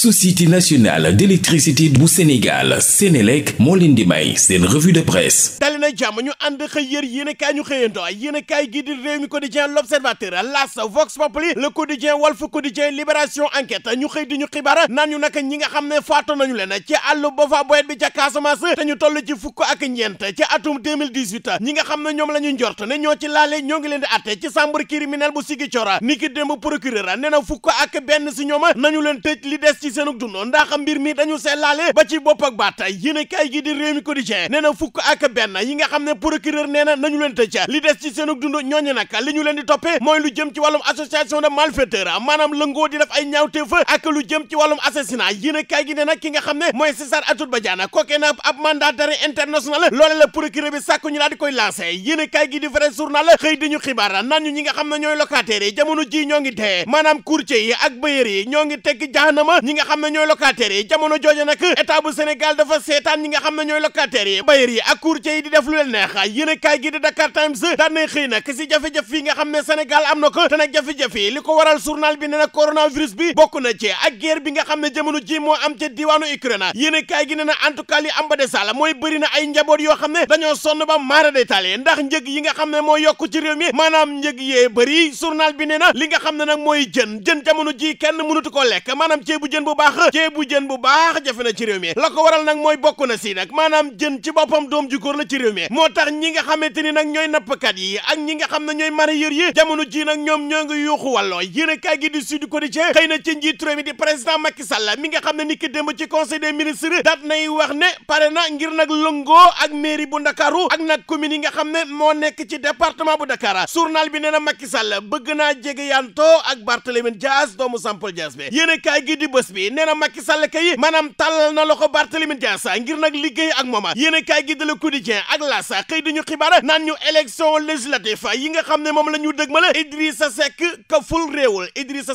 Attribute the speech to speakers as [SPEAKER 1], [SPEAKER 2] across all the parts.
[SPEAKER 1] société nationale d'électricité bu Sénégal Sénélec moo leen di may seen revue de presse dali jàmm ñu ànd xëy yër yéen kaay ñu xëyandoo yéen a kaay gi di réew mi quotidien l'observateur las vox populi le quotidien walf quotidien libération enquête ñu xëy di ñu xibaar naan ñu ñi nga xam ne faatu nañu leen ci àllu Boffa Bayotte bi ca Casamance te ñu toll ci fukk ak ñeent ci atum ñi nga xam ne ñoom la ñu njort ne ñoo ci laale ñoo ngi leen di atte ci seenug dund ndax mbir mi dañu sellaale ba ci bopp ak baat yéen kay gi di réew mi quotidien nee na fukk ak benn yi nga xam ne procureur nee na nañu leen tëj li des ci seenug dund ñooñu nag li ñu leen di toppee mooy lu jëm ci wàllum association de malfaiteurs maanaam lëngoo di def ay ñaawteef ak lu jëm ci wàllum assassinat yéen gi ne nag ki nga xam ne mooy César Atoute Badiane kookee na ab mandataire international loole la procureur bi sàkku ñu daal di koy lancé yéen kay gi di vrai journal xëy di ñu xibaar ñoo ngi dee maanaam courtier yi ak yi ñoo ngi tekk nga xam ne ñooy locataires yi jamono jooja nag état bu Sénégal dafa seetaan ñi nga xam ne ñooy locataires yi bailleurs yi ak courtier yi di def lu leen neex yéen kaay gi di Dakar Times daan nay xëy nag si jafe-jafe yi nga xam ne Sénégal am na ko te nag jafe-jafe yi li ko waral surnal bi ne na coronavirus bi bokk na cee ak guerre bi nga xam ne jamono ji moo am ca diwaanu Ukraine yéen kaay gi ne na en tout cas li am ba mooy bëri na ay njaboot yoo xam ne dañoo sonn ba maara détaillé ndax njëg yi nga xam ne moo yokk ci réew mi maanaam njëg yee bëri journal bi ne na li nga xam ne nag mooy jën jën jamono ji kenn mënutu ko lekk maanaam ceebu jën bu baax jee bu jën bu baax jafe na ci réew mi la ko waral nag mooy bokk na si nag maanaam jën ci boppam doom ju góor la ci réew mi moo tax ñi nga xamante ni nag ñooy nappkat yi ak ñi nga xam ne ñooy mareyeur yi jamono jii nag ñoom ñoo ngi yuuxu wàlloo yéen a kaay gi di Sud Quotidien xëy na ci njiit réew mi di président Macky Sall mi nga xam ne ni ki démb ci conseil des ministres daat nay wax ne pare na ngir nag lëngoo ak mairie bu Ndakaaru ak nag commune yi nga xam ne moo nekk ci département bu Dakar journal bi nee na Macky Sall bëgg naa jege yantoo ak Barthélémy Dias doomu Sampol a kaay gi di bés bi bi nee na Macky Sall kay maanaam na loxo Barthélémy Dias ngir nag liggéey ak mooma yéen kaay gi de Le Quotidien ak L'As xëy dañu xibaar naan ñu yi nga xam ne moom la ñu dëgmale Idrissa Seck kaful réewul Idrissa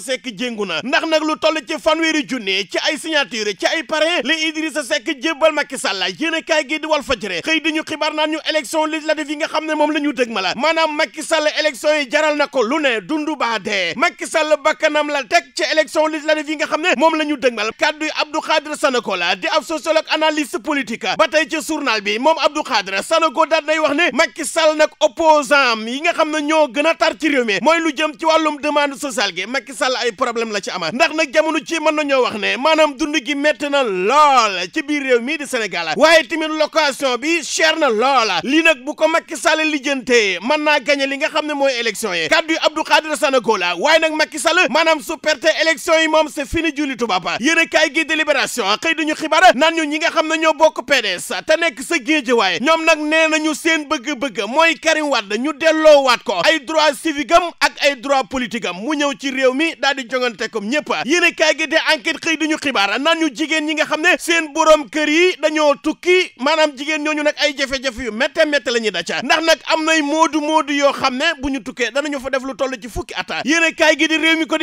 [SPEAKER 1] na ndax nag lu toll ci fanweeri junne ci ay signature ci ay parrain la Idrissa Seck jébbal Macky Sall yéen kaay gi di Walf Fadjri xëy dañu xibaar naan ñu élection législative yi nga xam ne moom la ñu dëgmale maanaam Macky Sall élection yi jaral na ko lu ne dundu baa dee Macky Sall bakkanam la teg ci élection législative yi nga xam ne moom la ñu dëgmal kàddu Abdou Khadre Sanoko la di ab sociologue analyste politique ba tey ci journal bi moom Abdou Khadre Sanoko daat nay wax ne Macky Sall nag opposant yi nga xam ne ñoo gën a tar ci réew mi mooy lu jëm ci wàllum demande sociale gi Macky la ci ama ndax nag jamono ci mën nañoo wax ne maanaam dund gi métti na lool ci biir réew mii di Sénégal waaye tamit location bi cher na lool lii nag bu ko Macky Sall lijjantee mën naa gagné li nga xam ne mooy élection yi kàddu yi Abdou Khadre Sanoko la waaye nag Macky Sall su perte élection yi moom c'est fini julli tubaab Diop yéen a kaay gi délibération xëy dañu xibaar naan ñu ñi nga xam ne ñoo bokk PDS te nekk sa géej waaye ñoom nag nee nañu seen bëgg-bëgg mooy Karim da ñu delloo waat ko ay droit civique am ak ay droit politique mu ñëw ci réew mi daal di jongante comme ñëpp yéen a kaay gi de enquête xëy dañu xibaara naan ñu jigéen ñi nga xam ne seen borom kër yi dañoo tukki maanaam jigéen ñooñu nag ay jafe-jafe yu métte métte la ñuy daca ndax nag am nay moodu moodu yoo xam ne bu ñu tukkee danañu fa def lu toll ci fukki at yéen a kaay gi di réew mi ko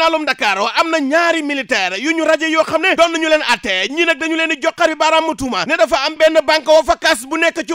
[SPEAKER 1] tribunalum Dakar am na ñaari militaire yu ñu raje yoo xam ne doon nañu leen attee ñi nag dañu leen di joxari baaraamu tuuma ne dafa am benn banque bu nekk ci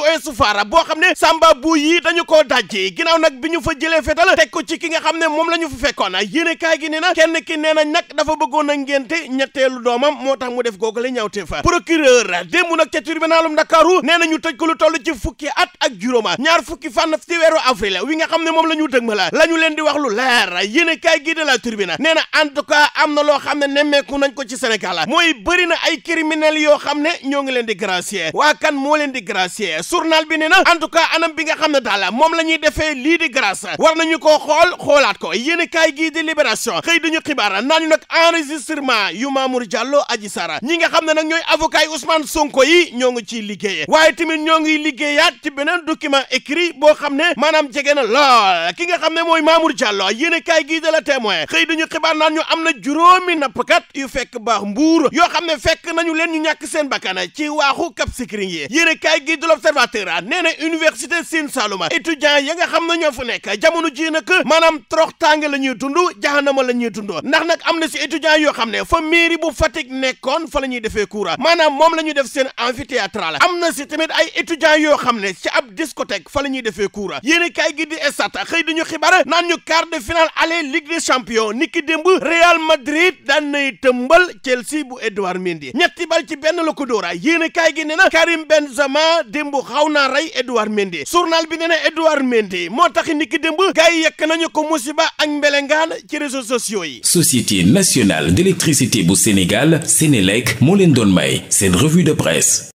[SPEAKER 1] boo xam ne Samba bu yi dañu koo dajji ginnaaw nag bi ñu fa jëlee fetal teg ko ci ki nga xam ne moom la ñu fa fekkoon yéene kaay gi ne na kenn ki nee na nag dafa bëggoon a ngénte ñetteelu doomam moo tax mu def googale ñawte fa procureur démb nag ca tribunalum Dakaru nee na ñu tëj ko lu toll ci fukki at ak juróoma ñaar fukki fànn ci weeru avril wi nga xam ne moom la ñu dëgma la la ñu leen di wax lu leer yéene kaay gi de la tribunal nee na en tout cas am na loo xam ne nemmeeku nañ ko ci Sénégal mooy bëri na ay criminels yoo xam ne ñoo ngi leen di gracier waa kan moo leen di gracier journal bi nee na en tout cas anam bi nga xam ne daal moom la ñuy defee lii di grâce war nañu koo xool xoolaat ko yéen kaay gii di libération xëy ñu xibaar naan ñu nag enregistrement yu Mamour Diallo Adji Sarr ñi nga xam ne nag ñooy avocat yi Ousmane Sonko yi ñoo ngi ciy liggéeye waaye tamit ñoo ngi liggéeyaat ci beneen document écrit boo xam maanaam jege na lool ki nga xam ne mooy Mamour Diallo yéen kaay gii de la témoin xëy dañu xibaar naan ñu am na juróomi kat yu fekk baax mbuur yoo xam ne fekk nañu leen ñu ñàkk seen bakkan ci waaxu Cap Skirring yi yéene kaay gi du l'Observateur a nee na université Sine Saloum étudiant ya nga xam ne ñoo fu nekk jamono ji nag maanaam trox tàng la ñuy dund jahanama la ñuy dund ndax nag am na si étudiant yoo xam ne fa mairie bu Fatick nekkoon fa la ñuy defee cours maanaam moom la ñuy def seen amphithéâtral am na si tamit ay étudiants yoo xam ne ci ab discothèque fa la ñuy defee cours yéene kaay gi di estat xëy dañu xibaar naan ñu quart de finale aller Ligue des champions démb Real Madrid daan nay tëmbal Chelsea bu Edouard Mendy ñetti bal ci benn la doora dóora yéen a kaay gi nee na Karim Benzema démb xaw naa rey Edouard Mendy journal bi nee na Edouard Mendy moo tax ni ki démb gars yi yekk nañu ko musiba ak mbelengaan ci réseaux sociaux yi. Société nationale d'électricité bu Sénégal Sénélec moo leen doon may seen revue de presse.